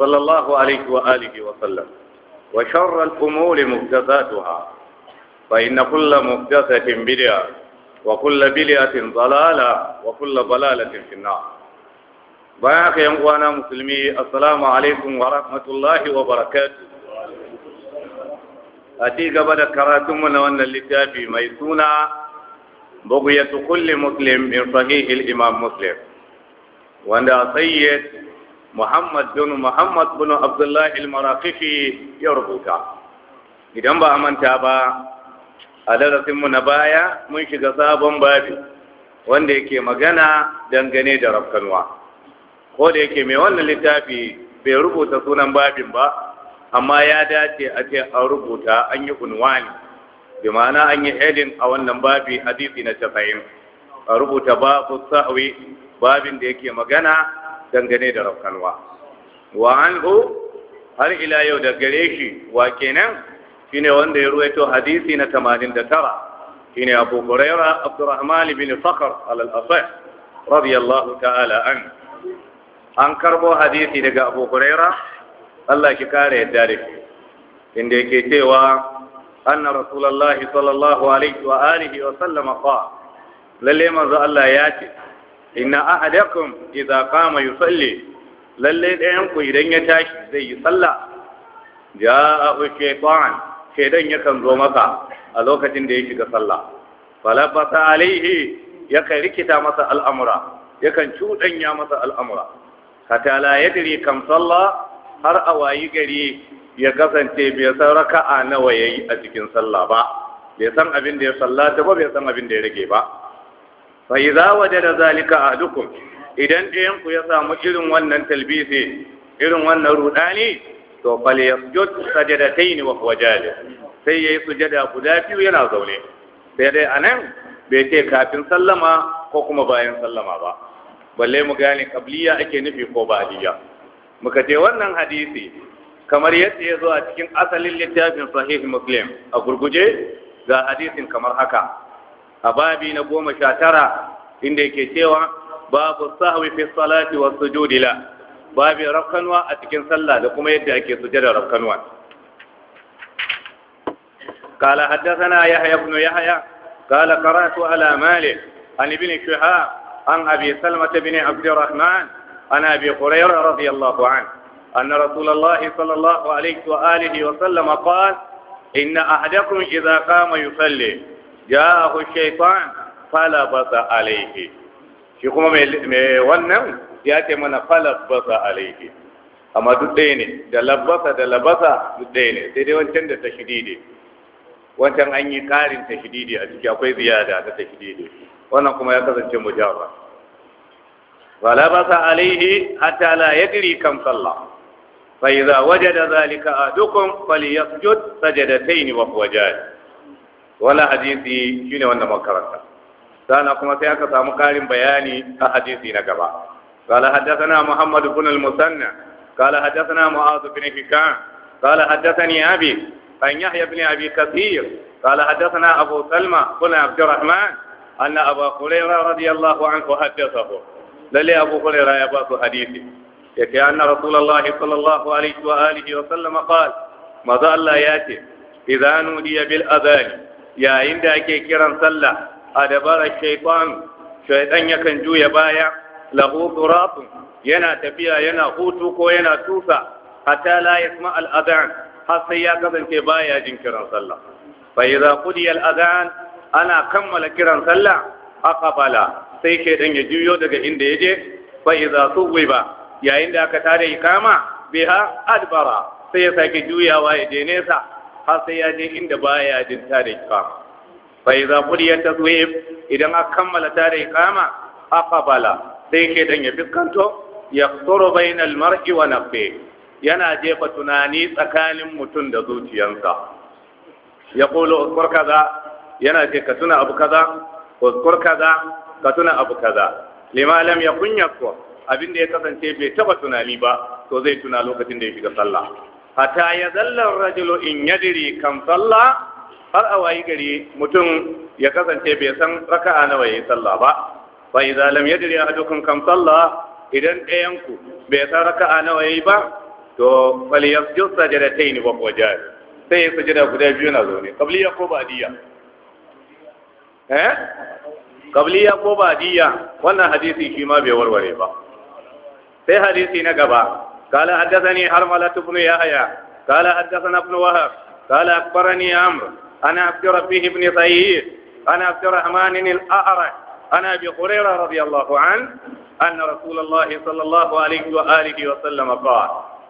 صلى الله عليه وآله وسلم وشر الأمور مهدثاتها فإن كل مهدثة بدعة وكل بدعة ضلالة وكل ضلالة في النار بياك يا مسلمي السلام عليكم ورحمة الله وبركاته أتي قبل كراتمنا وأن اللتاب ميسونا بغية كل مسلم من صحيح الإمام مسلم وأن سيد Muhammad bin Muhammad bin Abdullah al-Maraqifi ya rubuta idan ba a manta ba a darasinmu na baya mun shiga sabon babi wanda yake magana dangane da rafkanwa ko da yake mai wannan littafi bai rubuta sunan babin ba amma ya dace a ce an rubuta an yi unwani bi ma'ana an yi edin a wannan babi hadisi na tafayin. a rubuta babu sa'awi babin da yake magana dangane da rafkalwa wa anhu har ila yau da gare shi wa kenan shine wanda ya ruwaito hadisi na 89 shine Abu Huraira Abdurrahman ibn Fakhr al-Asah radiyallahu ta'ala an an karbo hadisi daga Abu Huraira Allah ki kare yadda da shi inda yake cewa anna rasulullahi sallallahu alaihi wa alihi wa sallama qala lalle manzo Allah ya ce inna ahadakum idza qama yusalli lalle dayan ku idan ya tashi zai yi sallah ja'ahu shaytan shaydan yakan zo maka a lokacin da ya shiga sallah falabata alaihi kai rikita masa al'amura yakan cuɗanya masa al'amura hatta la yadri kam sallah har a wayi gari ya kasance bai san raka'a nawa yayi a cikin sallah ba bai san abin da ya sallata ba bai san abin da ya rage ba fa idza wajada zalika a ahdukum idan ɗayan ku ya samu irin wannan talbisi irin wannan rudani to fal yasjud sajadatayn wa huwa jalid sai yayi sujada guda biyu yana zaune sai dai anan bai ce kafin sallama ko kuma bayan sallama ba balle mu gane kabliya ake nufi ko ba ba'diya muka ce wannan hadisi kamar yadda ya zo a cikin asalin littafin sahih muslim a gurguje ga hadisin kamar haka a babi na goma sha tara inda yake cewa babu sahwi fi salati wa sujudi la babu rafkanwa a cikin sallah da kuma yadda ake sujada rafkanwa قال حدثنا يحيى بن يحيى قال قرأت على مالك عن ابن شهاب عن أبي سلمة بن عبد الرحمن عن أبي هريرة رضي الله عنه أن رسول الله صلى الله عليه وآله وسلم قال إن أحدكم إذا قام يصلي جاءه الشيطان shaitan falabasa alaihi shi kuma mai wannan ya ce mana falabasa alaihi amma duk ɗaya ne da labasa da labasa duk ɗaya ne sai dai wancan da tashidide wancan an yi ƙarin tashidide a ciki akwai ziyada ta tashidide wannan kuma ya kasance mujarra falabasa alaihi hatta la yadri kam sallah fa idza wajada zalika ahadukum yasjud sajadatayn wa huwa jahil wannan hadisi shine wanda makaranta sana kuma sai aka samu karin bayani a hadisi na gaba قال حدثنا محمد بن المثنى قال حدثنا معاذ بن هشام قال حدثني أبي عن يحيى بن أبي كثير قال حدثنا أبو سلمة بن عبد الرحمن أن أبا هريرة رضي الله عنه حدثه للي أبو هريرة يباس حديثي يكي أن رسول الله صلى الله عليه وآله وسلم قال ماذا الله ياتي إذا نودي بالأذان yayin da ake kiran sallah a dabara shaiɗan shaitan yakan juya baya lahu yana tafiya yana hutu ko yana tusa a la yasma al har sai ya kasance baya jin kiran sallah fa idza qudiya al al'adan ana kammala kiran sallah aqbala sai shaitan ya juyo daga inda yaje fa idza ba yayin da aka tare ikama biha adbara sai ya sake juyawa ya je nesa har sai ya je inda baya jin tare ka fa idza qudiyat taswif idan aka kammala tare iqama aqbala sai ke dan ya fiskanto yaqturu bainal mar'i wa nafsi yana jefa tunani tsakanin mutum da zuciyarsa ya kula uskur kaza yana ce ka tuna abu kaza uskur kaza ka tuna abu kaza limalam ya kunya ko abin da ya kasance bai taba tunani ba to zai tuna lokacin da ya shiga sallah Hata ya zallar rajulu in yadiri kan sallah har a wayi gari mutum ya kasance bai san raka'a nawa yayi sallah ba fa idza lam a ahadukum kan sallah idan ɗayan ku bai san raka'a nawa yayi ba to yi sajadatayn wa jari. sai ya sujada guda biyu na zaune qabliya ko ba'diya eh qabliya ko ba'diya wannan hadisi shi ma bai warware ba sai hadisi na gaba قال حدثني حرملة بن يحيى قال حدثنا ابن وهب قال أخبرني عمرو أنا عبد ربه بن سعيد أنا عبد الرحمن الأعرج أنا أبي هريرة رضي الله عنه أن رسول الله صلى الله عليه وآله وسلم قال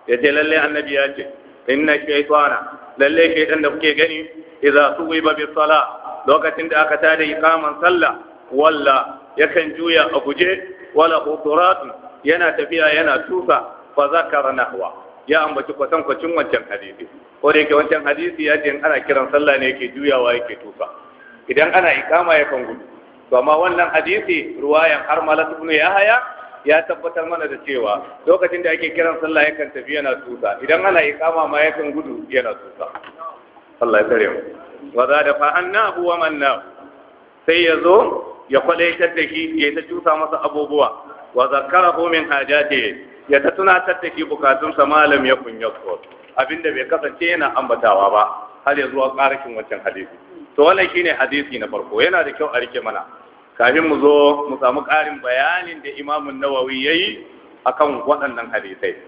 يتللي النبي أجل إن الشيطان للي شيطان دفكي جني إذا صوب بالصلاة لوكة أكتاد إقاما صلى ولا يكن جويا أبو جي ولا خطرات ينا تفيا ينا توسا fa zakara nahwa ya ambaci kwacin wancan hadisi ko da yake wancan hadisi ya ce ana kiran sallah ne yake juyawa yake tufa idan ana ikama ya kan gudu to amma wannan hadisi ruwayan har malat ibn yahya ya tabbatar mana da cewa lokacin da ake kiran sallah yakan tafi yana tusa idan ana ikama ma yakan gudu yana tusa Allah ya wa za da fa'annahu wa manna sai ya zo ya kwalaitar da shi ya ta tusa masa abubuwa wa zakarahu min hajati ya ta tunatar da shi bukatunsa malam ya kun yakko abinda bai kasance yana ambatawa ba har ya zuwa ƙarakin wancan hadisi to wannan shine hadisi na farko yana da kyau a rike mana kafin mu zo mu samu ƙarin bayanin da imamun nawawi yayi akan waɗannan hadisai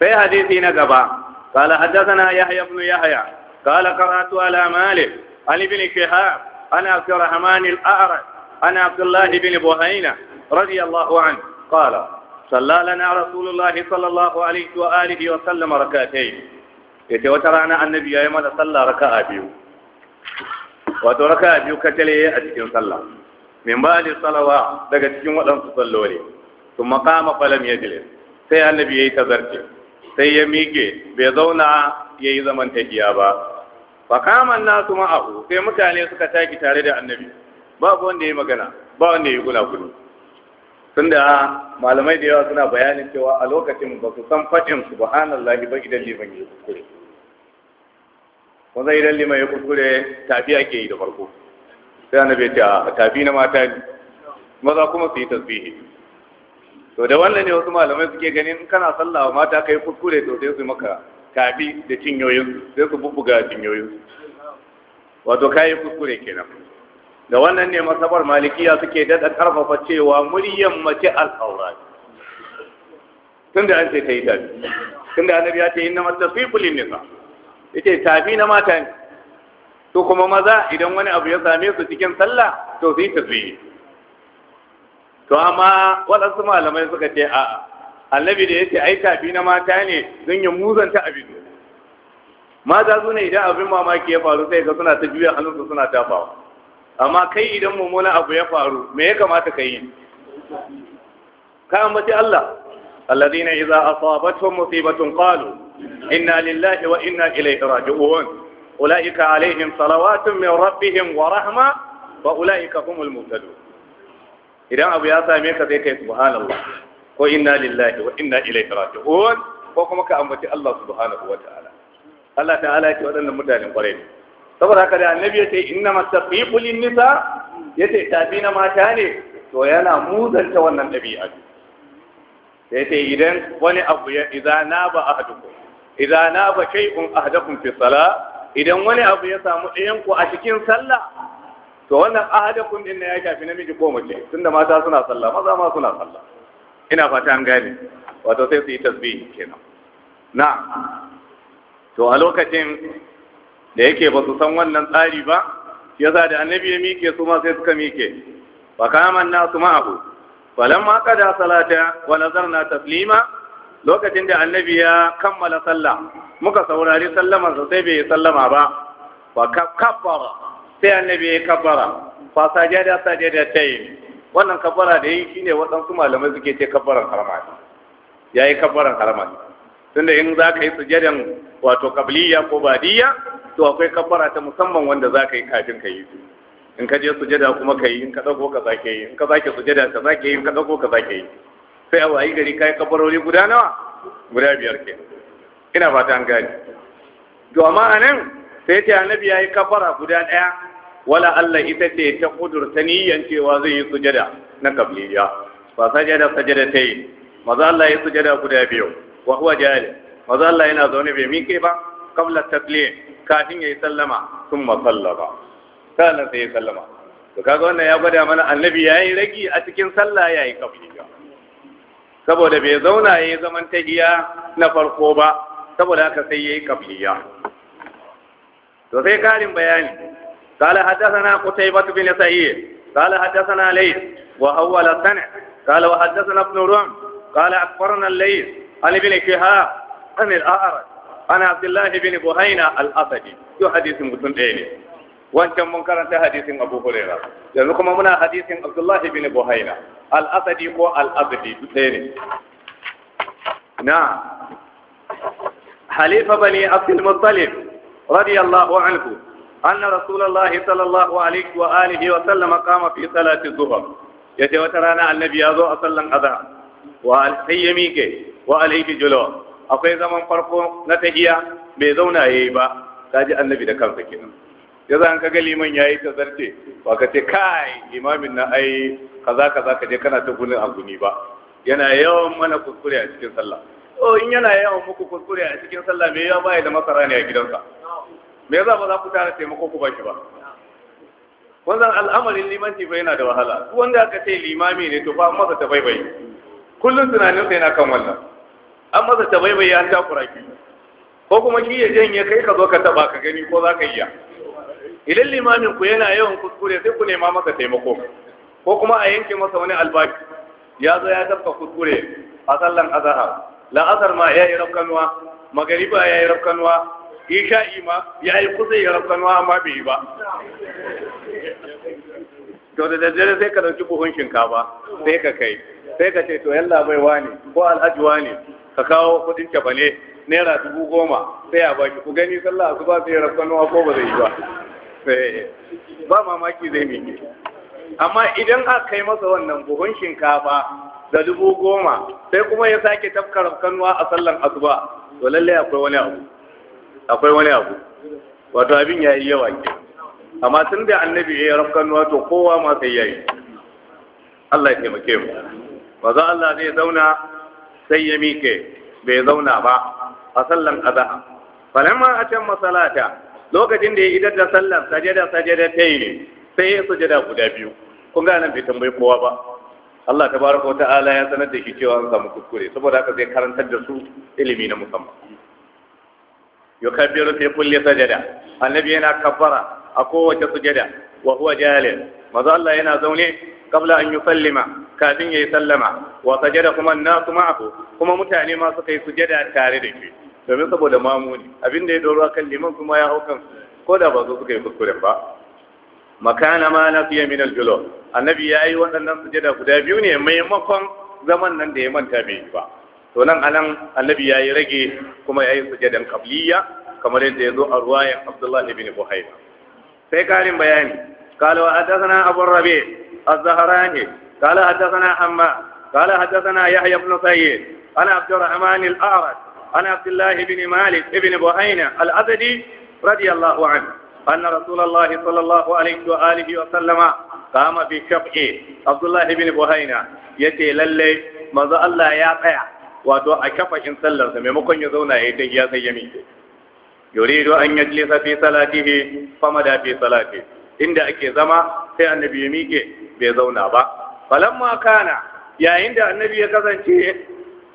sai hadisi na gaba قال حدثنا يحيى بن يحيى قال قرأت على مالك عن ابن شهاب عن عبد الرحمن الأعرج عن عبد الله بن بهينة رضي الله عنه قال صلى لنا رسول الله صلى الله عليه وآله وسلم ركعتين yace wata rana annabi yayi mana sallah raka'a biyu wato raka'a biyu katale a cikin sallah min ba'di salawa daga cikin waɗansu salloli kuma qama falam yajlis sai annabi yayi tazarce sai ya mike bai zauna yayi zaman tahiya ba fa kama nasu ma'ahu sai mutane suka taki tare da annabi babu wanda yayi magana ba wanda yayi gula gulu tunda malamai da yawa suna bayanin cewa a lokacin ba su san faɗin subhanallahi ba idan liman ya kuskure wanda idan liman ya kuskure tafi ake yi da farko sai annabi ce a tafi na mata ne maza kuma su yi tasbihi to da wannan ne wasu malamai suke ganin in kana sallah mata kai kuskure to sai su maka tafi da cinyoyin sai su bubbuga cinyoyin wato kai kuskure kenan da wannan ne masabar malikiya suke daɗa ƙarfafa cewa muryan mace al'aura tun da an ce ta yi tafi tun da annabi ya ce inna mata fi kulin nisa yace tafi na mata ne to kuma maza idan wani abu ya same su cikin sallah to su yi tafi to amma waɗansu malamai suka ce a'a annabi da yace ai tafi na mata ne don ya muzanta abin mata su ne idan abin mamaki ya faru sai ga suna ta juya hannunsu suna tafawa amma kai idan mummunan abu ya faru me ya kamata ka yi ka ambaci Allah alladhina idza asabatuhum musibatun qalu inna lillahi wa inna ilayhi raji'un ulaika alaihim salawatun min rabbihim wa rahma wa ulaika humul muhtadun idan abu ya same ka sai kai subhanallah ko inna lillahi wa inna ilayhi raji'un ko kuma ka ambaci Allah subhanahu wa ta'ala Allah ta'ala ya ce waɗannan mutanen kwarai ne saboda haka da annabi ya ce inna masaqiqu lin nisa yace tafi na mata ne to yana muzanta wannan dabi'a sai ce idan wani abu ya idza naba ahadukum idza naba shay'un ahadukum fi salah idan wani abu ya samu ɗayan ku a cikin sallah to wannan ahadukum din ne ya shafi namiji ko mace tunda mata suna sallah maza ma suna sallah ina fata an gane wato sai su yi tasbihi kenan na to a lokacin da yake ba su san wannan tsari ba Ya sa da annabi ya mike su ma sai suka mike fa kama nasu ma'ahu ma qada salata wa nazarna taslima lokacin da annabi ya kammala sallah muka saurari sallamar sa sai bai sallama ba Ba kabbara sai annabi ya kabbara fa sajada sajada yi. wannan kabbara da yi shine waɗansu malamai suke ce kabbaran Ya yayi kabbaran harama tunda in za ka yi sujadan wato qabliya ko badiya to akwai kabbara ta musamman wanda za ka yi kafin ka yi su in ka je sujada kuma ka yi in ka dago ka zake yi in ka zake sujada ka zake yi in ka dago ka zake yi sai a wayi gari kai kabbarori guda nawa guda biyar ke ina fata an gani. to amma anan sai ta annabi yayi kabbara guda daya wala Allah ita ce ta kudurta niyyan cewa zai yi sujada na qabliya fa sajada sajada tayi maza Allah ya sujada guda biyu wa huwa jahil maza Allah yana zaune bai miƙe ba qabla taslim kafin yayi sallama thumma sallama kana sai sallama to kaga wannan ya gwada mana annabi yayi ragi a cikin sallah yayi kafiya saboda bai zauna yayi zaman tahiya na farko ba saboda haka sai yayi kafiya to sai karin bayani قال حدثنا قتيبة بن سعيد قال حدثنا ليث وأول سنة قال وحدثنا ابن رعم قال أكبرنا الليث عن ابن شهاب عن الأعرج عن عبد الله بن بهينة الأسدي شو حديث مسلم إيلي wancan mun karanta hadisin Abu Huraira yanzu kuma muna hadisin Abdullah ibn Buhaira al-Asadi ko al-Asadi ɗaya na Halifa bani Abdul Muttalib radiyallahu anhu anna Rasulullahi sallallahu alaihi wa alihi wa sallama qama fi salati dhuhr yace wata rana annabi ya zo a sallan azhar wa al-sayyami wa alayhi julawa akwai zaman farko na tahiya bai zauna yayi ba kaji annabi da kansa kenan yaza an kaga liman yayi ta zarce ba ka ce kai limamin na ai kaza kaza ka je kana ta gunin aguni ba yana yawan mana kuskure a cikin sallah oh in yana yawan muku kuskure a cikin sallah me ya baya da masara ne a gidansa me yasa ba za ku tara taimako ku ba shi ba wannan al'amarin limanci bai yana da wahala wanda aka ce limami ne to fa masa ta baibai kullum tunanin sai na kan wannan an masa ta bai ya ta kuraki ko kuma ki ya janye kai ka zo ka taba ka gani ko za ka iya idan limamin ku yana yawan kuskure sai ku nema masa taimako ko kuma a yanke masa wani albashi ya zo ya tafka kuskure a sallan azahar la'asar ma ya yi rafkanuwa magariba ya yi rafkanuwa isha'i ma ya yi kusa ya rafkanuwa amma bai yi ba to da daddare sai ka dauki buhun shinkafa sai ka kai sai ka ce to yalla bai wani ko alhaji wani ka kawo kudin bane naira dubu goma sai a baki ku gani sallah su ba sai rafkanuwa ko ba zai yi ba eh, ba mamaki zai miƙe amma idan aka kai masa wannan buhun shinkafa da dubu goma sai kuma ya sake tafka rafkanuwa a sallan asuba to lallai akwai wani abu akwai wani abu wato abin ya yi yawa ke amma tun da annabi ya rafkanuwa to kowa ma sai ya yi Allah ya taimake mu maza Allah zai zauna sai ya mike bai zauna ba a sallan azhar falamma atamma salata lokacin da ya idar da sallan sajada sajada ta yi ne sai ya sujada guda biyu kun ga nan bai tambayi kowa ba Allah ta baraka wa ta'ala ya sanar da shi cewa an samu kuskure saboda haka zai karantar da su ilimi na musamman yukabbiru fi kulli sajada annabi yana kabbara a kowace sujada wa huwa jalil maza Allah yana zaune kabla an yi sallima kafin ya yi sallama wa sajada kuma na su ma'ahu kuma mutane ma suka yi sujada tare da shi domin saboda mamuni abin da ya doro kan liman kuma ya haukan ko da ba su suka yi kuskuren ba makana ma na fiye min aljulo annabi ya yi waɗannan sujada guda biyu ne maimakon zaman nan da ya manta bai yi ba to nan anan annabi ya yi rage kuma ya yi sujadan kabliya kamar yadda ya zo a ruwayan abdullahi ibn buhaira sai karin bayani قال وحدثنا أبو الربيع الزهراني قال حدثنا حماد قال حدثنا يحيى بن سعيد أنا عبد الرحمن الأعرج أنا عبد الله بن مالك بن بهينة الأسدي رضي الله عنه أن رسول الله صلى الله عليه وآله وسلم قام بشفع عبد الله بن بهينة يتي للي ماذا الله يا wato a kafa in sallarsa maimakon ya zauna ya yi ta giya sai ya miƙe yuridu an yajlisa fi salatihi fama da fi salatihi inda ake zama sai annabi ya miƙe bai zauna ba falamma kana yayin da annabi ya kasance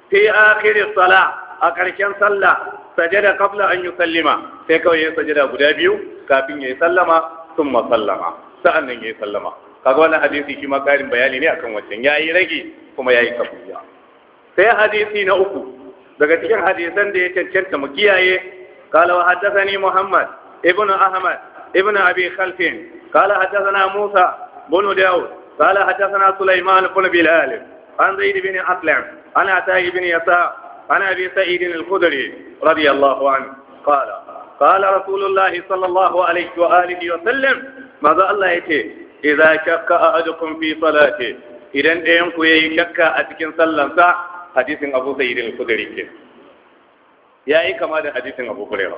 fi akhir sala a ƙarshen sallah sajada qabla an yusallima sai kawai ya sajada guda biyu kafin ya sallama thumma sallama sa'annan ya sallama kaga wannan hadisi shi ma ƙarin bayani ne akan wancan yayi rage kuma yayi kafuya sai hadisi na uku daga cikin hadisan da ya cancanta mu kiyaye قال وحدثني محمد ابن أحمد ابن أبي خلف قال حدثنا موسى بن داود قال حدثنا سليمان بن بلال عن زيد بن أسلم عن عتاء بن يسار عن أبي سعيد الخدري رضي الله عنه قال قال رسول الله صلى الله عليه وآله وسلم ماذا الله يتي إذا شك أحدكم في صلاته إذن أيمكو يشك أتكن صلى حديث أبو سعيد الخدري يا إيه كما حديث أبو هريرة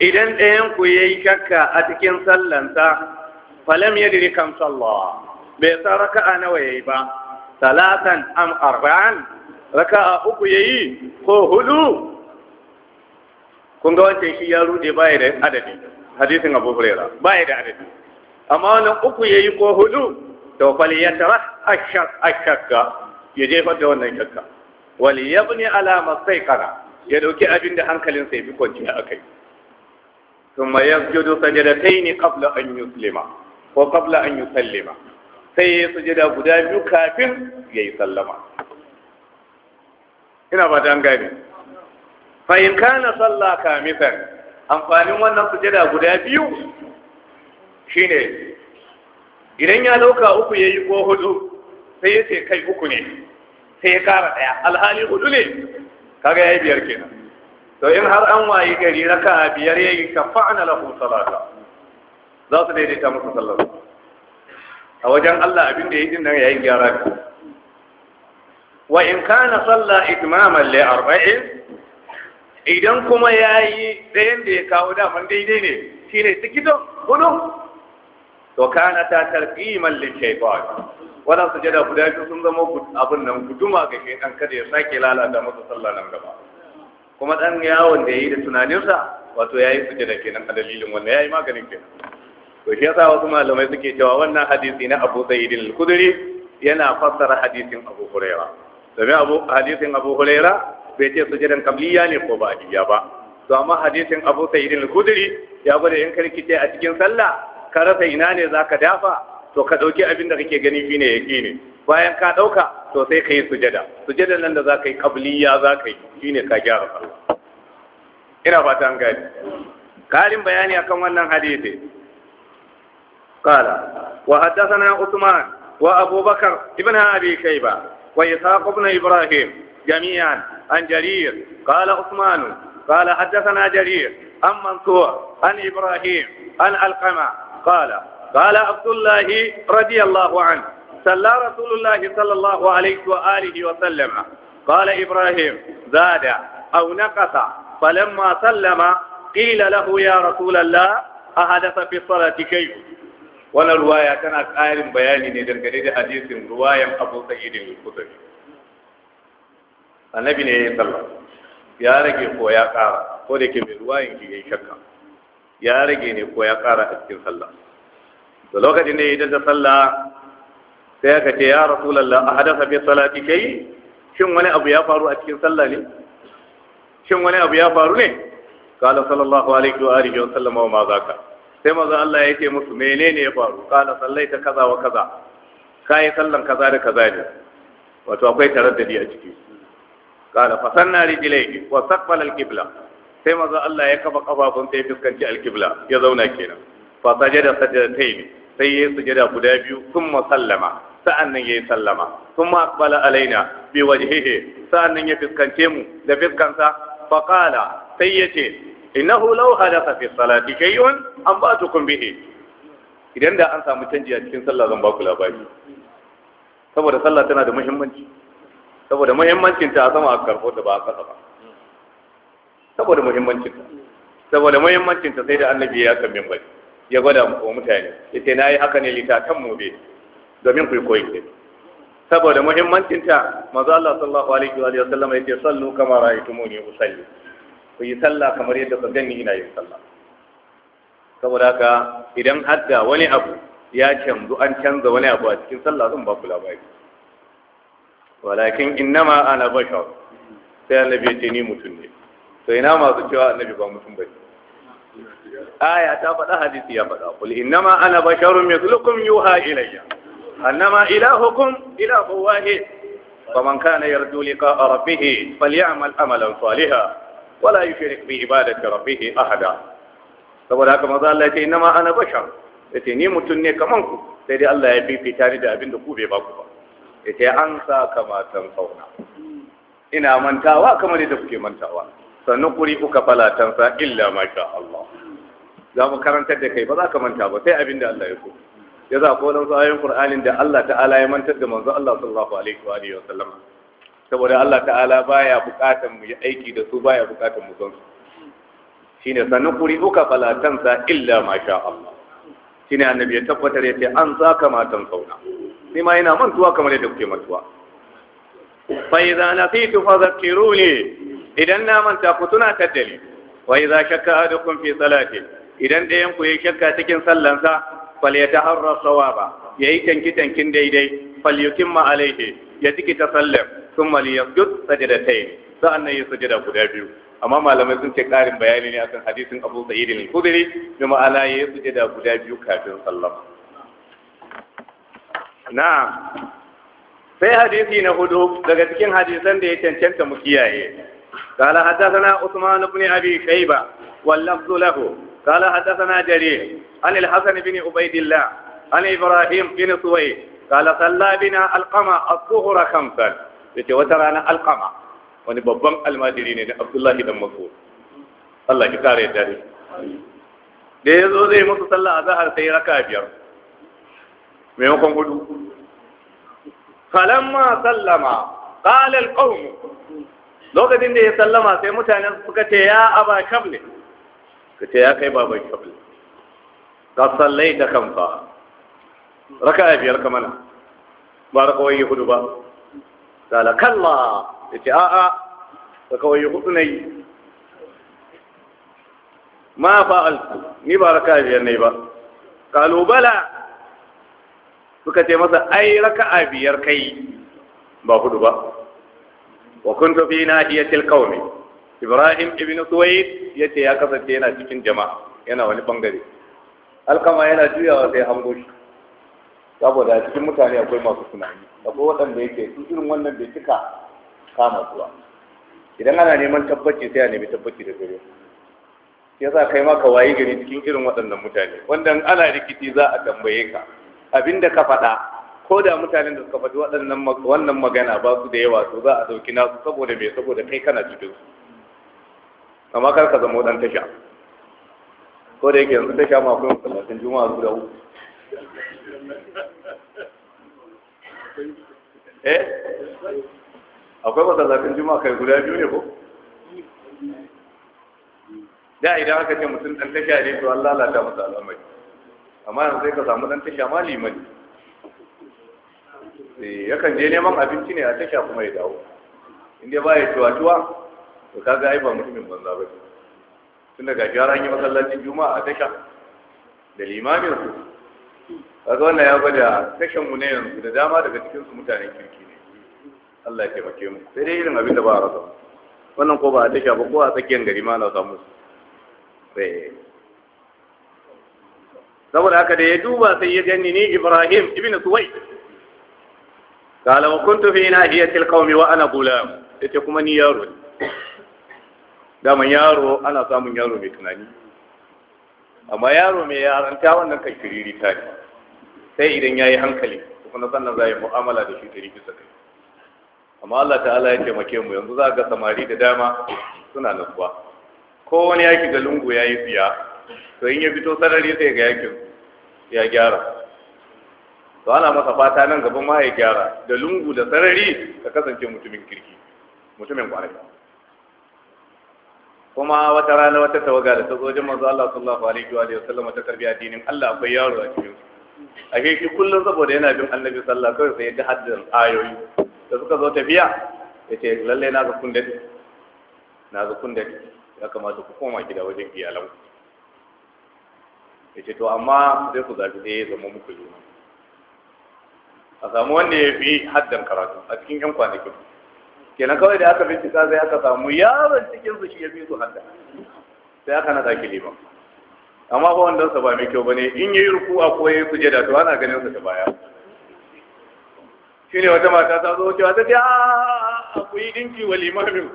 idan ɗayan ku yi shakka a cikin sallansa falam yadri kan sallah bai san raka'a nawa ya yi ba salatan am arba'an raka'a uku ya yi ko hudu kun ga wancan shi ya rude baya da adadi hadisin Abu hurera baya da adadi amma wannan uku ya yi ko hudu to ya tara a shakka ya jefar da wannan shakka ne alamar sai kara ya dauki abin da hankalin sai bi kwanciya akai ثم يسجد سجدتين قبل أن يسلم وقبل أن يسلم sai sujada guda biyu kafin yayi sallama ina ba ta gane fa in kana salla amfanin wannan sujada guda biyu shine idan ya dauka uku yayi ko hudu sai ya ce kai uku ne sai ya kara ɗaya. alhali hudu ne kaga yayi biyar kenan to in har an wayi gari na ka biyar ya yi ka fa'ana lahu salata za su daidaita musu sallar a wajen Allah abin da ya yi nan ya gyara ne wa in kana salla itmaman li arba'in idan kuma ya yi ɗayan da ya kawo daman daidai ne shine tikito hudu to kana ta tarqiman li shaytan wannan sujada guda biyu sun zama abin nan guduma ga shaytan kada ya sake lalata masa sallah nan gaba kuma dan yawon da yayi da tunaninsa wato yayi da kenan a dalilin wannan yayi maganin kenan to shi yasa wasu malamai suke cewa wannan hadisi na Abu Sa'id al-Khudri yana fassara hadisin Abu Huraira domin Abu hadisin Abu Huraira bai ce sujadan kamliya ne ko ba'diya ba to amma hadisin Abu Sa'id al-Khudri ya gwada in ce a cikin sallah ka rasa ina ne zaka dafa to ka dauki abin da kake gani shine yake ne bayan ka dauka to sai ka yi sujada sujada nan da za ka yi kabliya za ka yi ne ka gyara sallah ina fata an gani bayani akan wannan hadisi qala wa haddathana usman wa abubakar ibn abi shayba wa ishaq ibn ibrahim jami'an an jarir. قال Usmanu, قال حدثنا jarir an mansur an ibrahim an القمة قال قال عبد الله رضي الله عنه صلى رسول الله صلى الله عليه وآله وسلم قال إبراهيم زاد أو نقص فلما سلم قيل له يا رسول الله أحدث في الصلاة كيف tana ƙarin bayani ne dangane da hadisin ruwayan abu sa'idin al-khudri annabi ne ya sallah ya rage ko ya ƙara ko da ke mai ruwayan ki yayi shakka ya rage ko ya ƙara a cikin sallah da lokacin da ya yi sallah sai aka ce ya rasulallah a hadasa fi salati kai shin wani abu ya faru a cikin sallah ne shin wani abu ya faru ne kala sallallahu alaihi wa alihi wa sallam wa ma zaka sai manzo Allah ya ce musu menene ya faru kala sallaita kaza wa kaza kai sallan kaza da kaza ne wato akwai taraddadi a ciki kala fasanna rijlaihi wa saqbala al-qibla sai manzo Allah ya kafa kafafun sai fuskanci al-qibla ya zauna kenan fa sajada sajdatayni sai ya sujada guda biyu kuma sallama sa'annan yi sallama thumma aqbala alaina bi wajhihi sa'annan ya fiskance mu da fiskansa fa qala sai yace innahu law hadatha fi salati shay'un an ba'tukum bihi idan da an samu canji a cikin sallah zan ba ku labari saboda sallah tana da muhimmanci saboda muhimmancin ta sama a karfo da ba a kasa ba saboda muhimmancin ta saboda muhimmancin ta sai da annabi ya kan minbari ya gwada mu mutane yace nayi haka ne litatan mu be domin ku yi koyi ne saboda muhimmancinta manzo Allah sallallahu alaihi wa sallam yake sallu kama ra'aytumuni usalli ku yi sallah kamar yadda ku gani ina yin sallah saboda haka idan hadda wani abu ya canzu an canza wani abu a cikin sallah zan ba ku labari walakin innama ana bashar sai annabi ya ce ni mutum ne to ina masu cewa annabi ba mutum bane aya ta faɗa hadisi ya faɗa kul innama ana basharun mithlukum yuha ilayya annama ilahukum ilahu wahid faman kana yarju liqa'a rabbih falyamal amalan salihan wala yushrik bi ibadati rabbih ahada saboda haka maza Allah ya ce innama ana bashar ce ni mutum ne kaman ku sai dai Allah ya fifita ni da abin da ku bai ba Ya ce an sa kamatan sauna ina mantawa kamar da kuke mantawa sannan kuri uka fala tansa illa ma sha Allah za mu karantar da kai ba za ka manta ba sai abin da Allah ya so ya za ko nan ayoyin Qur'anin da Allah ta'ala ya mantar da manzo Allah sallallahu alaihi wa alihi wasallam saboda Allah ta'ala baya bukatan mu yi aiki da su baya bukatan mu san su shine sanan quri'uka fala tansa illa ma sha Allah shine annabi ya tabbatar ya ce an saka matan sauna ni ma ina mantuwa kamar yadda kuke mantuwa fa idza nasitu fadhakkiruni idan na manta ku tuna taddali wa idza shakka ahadukum fi salati idan ɗayan ku ya shakka cikin sallansa falyataharra sawaba yayi tanki tankin daidai falyutimma alaihi ya tiki tasallam thumma liyasjud sajadatayn sa'annan ya sujada guda biyu amma malamai sun ce karin bayani ne akan hadisin Abu Sa'id al-Khudri da ma'ala ya sujada guda biyu kafin sallama na'am sai hadisi na hudu daga cikin hadisan da ya cancanta mu kiyaye قال حدثنا عثمان بن ابي شيبه واللفظ له قال حدثنا جرير عن الحسن بن عبيد الله عن إبراهيم بن سويد قال صلى بنا القمع الظهر خمسا yace wata rana alqama wani babban almajiri ne na Abdullahi dan Mas'ud Allah kare da ya zo zai musu sallah a zahar sai raka biyar maimakon hudu falamma sallama qala alqawm lokacin da ya sallama sai mutanen suka ce ya aba shamli kace ya kai baban kabla ka sallai da kan fa raka a biyar kamana ba raka yi hudu ba kala kalla ya ce a'a raka yi hudu na yi ma fa'altu ni ba raka a biyar ne ba kalubala suka ce masa ai raka a biyar kai ba hudu ba wa kuntu fi nahiyatil qaumi ibrahim ibn suwaid ya ce ya kasance yana cikin jama'a yana wani bangare alkama yana juyawa sai hango shi saboda cikin mutane akwai masu tunani akwai waɗanda yake su irin wannan bai cika kama zuwa idan ana neman tabbaci sai a nemi tabbaci da gare ya sa kai ma ka wayi gari cikin irin waɗannan mutane wanda ana rikici za a tambaye ka abinda ka faɗa ko da mutanen da suka faɗi wannan magana ba su da yawa to za a ɗauki nasu saboda me saboda kai kana cikin su amma kar ka zama dan tasha ko da yake yanzu tasha ma kuma masallacin juma'a zuwa da uku eh akwai masallacin juma'a kai guda biyu ne ko da idan aka ce mutum dan tasha ne to an lalata masa al'amari amma yanzu sai ka samu dan tasha ma limani eh, yakan je neman abinci ne a tasha kuma ya dawo inda ba ya tuwa-tuwa to kaga ai ba mutumin banza ba tun daga gyara an yi masallacin juma'a a tasha da limamin su kaga wannan ya gwada tashan mu ne yanzu da dama daga cikin su mutanen kirki ne Allah ya taimake mu sai dai irin abin da ba a rasa wannan ko ba a tasha ba ko a tsakiyar gari ma na samu sai eh. saboda haka da ya duba sai ya gani ni Ibrahim ibn Suwai قال وكنت في ناحية القوم وأنا غلام يتكمني يا رجل daman yaro ana samun yaro mai tunani amma yaro mai yaranta wannan kan kiriri ta ne sai idan ya yi hankali kuma sannan za a yi mu'amala da shi ta rikisa kai amma Allah ta'ala ya ce make mu yanzu za ga samari da dama suna nasuwa ko wani yaki ga lungu ya yi fiya to in ya fito sarari sai ga yakin ya gyara to ana masa fata nan gaban ma ya gyara da lungu da sarari ka kasance mutumin kirki mutumin kwanaki kuma wata rana wata tawaga da ta zo wajen manzo Allah sallallahu alaihi wa sallam ta tarbiyya, dinin Allah akwai yaro a cikin a shi kullum saboda yana bin annabi sallallahu alaihi sai ya haddin ayoyi da suka zo tafiya ya ce lalle na ga kun dade na ga kun dade ya kamata ku koma gida wajen iyalan ya ce to amma sai ku zabi sai ya zama muku juna a samu wanda ya fi haddan karatu a cikin yan kwanakin kenan kawai da aka bincika sai aka samu yaron cikin su shi ya bi su hadda sai aka nada kilima amma ba wanda sa ba mai kyau bane in yayi ruku'a su je da to ana ganin su ta baya shine wata mata ta zo cewa ta ta a ah, ku yi dinki wa limamin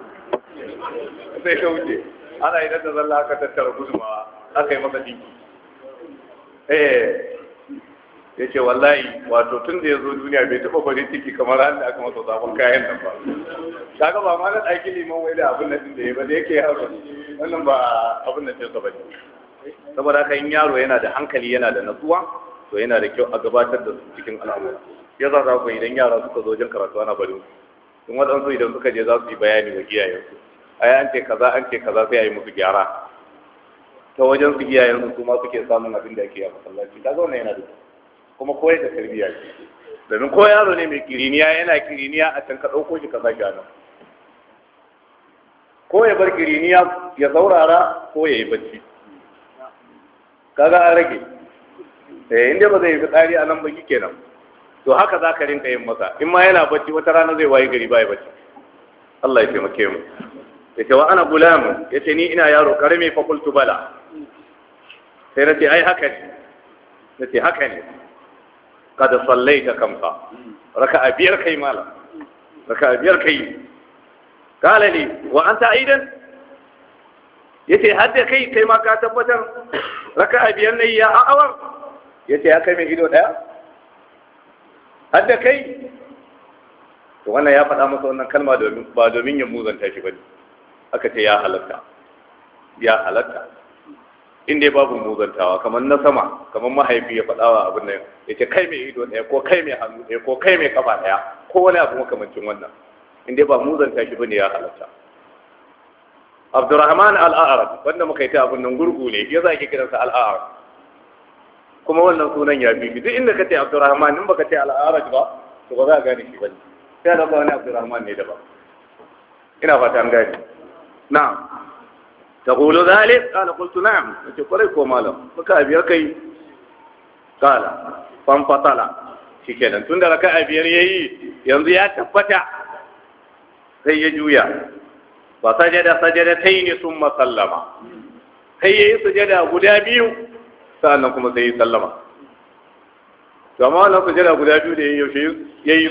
sai ta wuce ana idan da zalla aka tattara gudumawa aka yi masa dinki eh ya ce wallahi wato tun da ya zo duniya bai taɓa farin ciki kamar hannu aka masa zafin kayan nan ba kaga ba ma na ɗaki liman wai da abin nan da ya ba da yake yaro wannan ba abin nan ce ba saboda haka in yaro yana da hankali yana da natsuwa to yana da kyau a gabatar da su cikin al'amura ya za ku idan yara suka zo jin karatu ana bari in waɗansu idan suka je za su yi bayani wa iyayensu yi an ce kaza an ce kaza sai a yi musu gyara ta wajen su iyayensu su ma suke samun abin da ake yi a masallaci ta zauna yana da kyau kuma koyar da tarbiyya ce domin ko yaro ne mai kiriniya yana kiriniya a can ka ɗauko shi ka sa nan ko ya bar kiriniya ya saurara ko ya yi bacci kaga an rage eh inda ba zai yi fitsari a nan ba kenan to haka za ka rinka yin masa in ma yana bacci wata rana zai waye gari ba ya bacci Allah ya taimake mu yace wa ana gulam yace ni ina yaro karami fa qultu bala sai nace ai haka ne nace haka ne Ka da kad sallaita kamsa a biyar kai malam a biyar kai kala li wa anta aidan ce hadda kai kai ma ka tabbatar Raka a biyar na ne a awar Ya ce ya kai mai ido daya hadda kai to wannan ya faɗa masa wannan kalma ba domin ya muzanta shi bane aka ce ya halatta ya halatta in dai babu muzantawa kamar na sama kamar mahaifi ya faɗawa abin nan ya ce kai mai ido ɗaya ko kai mai hannu ɗaya ko kai mai kafa ɗaya ko wani abu makamancin wannan in dai ba muzanta shi bane ya halatta Abdurrahman al'arab wanda muka yi ta abin nan gurgu ne ya zaki kiransa al kuma wannan sunan ya bi duk inda ka ce Abdurrahman in baka ce al'arab ba to ba za a gane shi ne. sai da ba wani Abdurrahman ne daban ina fata an gane na'am taqulu zalik qala qultu na'am nace kwarai ko malam muka fan fatala shikenan tun da raka'a biyar yayi yanzu ya tabbata sai ya juya fa sajada sajadatayn thumma sallama sai yayi sujada guda biyu sa'annan kuma sai ya sallama to amma wannan sujada guda biyu da yaushe yayi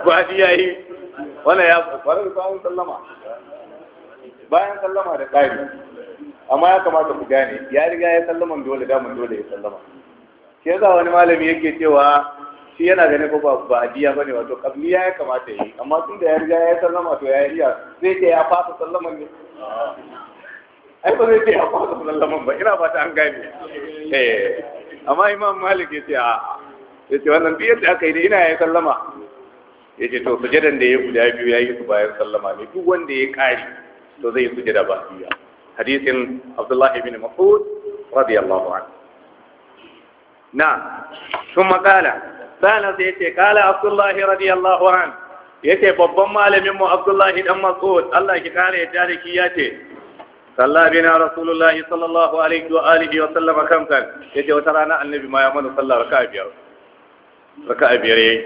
su ba ya sallama bayan sallama da ƙari amma ya kamata ku gane ya riga ya sallaman dole da mun dole ya sallama shi yasa wani malami yake cewa shi yana ganin ko ba ba adiya bane wato kabliya ya kamata yi amma tun da ya riga ya sallama to ya iya zai ce ya fasa sallaman ne ai ba zai ce ya fasa sallaman ba ina ta an gane eh amma imam malik yace a yace wannan biyar da aka yi da ina ya sallama yace to sujadan da ya guda biyu yayi su bayan sallama ne duk wanda ya kare to zai sujada ba biya hadisin abdullahi bin mas'ud radiyallahu anhu na sun kuma kala sana sai yace kala abdullahi radiyallahu an ce babban malamin mu abdullahi dan mas'ud Allah ki kare ya da ki yace sallah bina rasulullah sallallahu alaihi wa alihi wa sallam kam kan ce wata rana annabi ma ya mana sallah raka'a biyar raka'a biyar yayi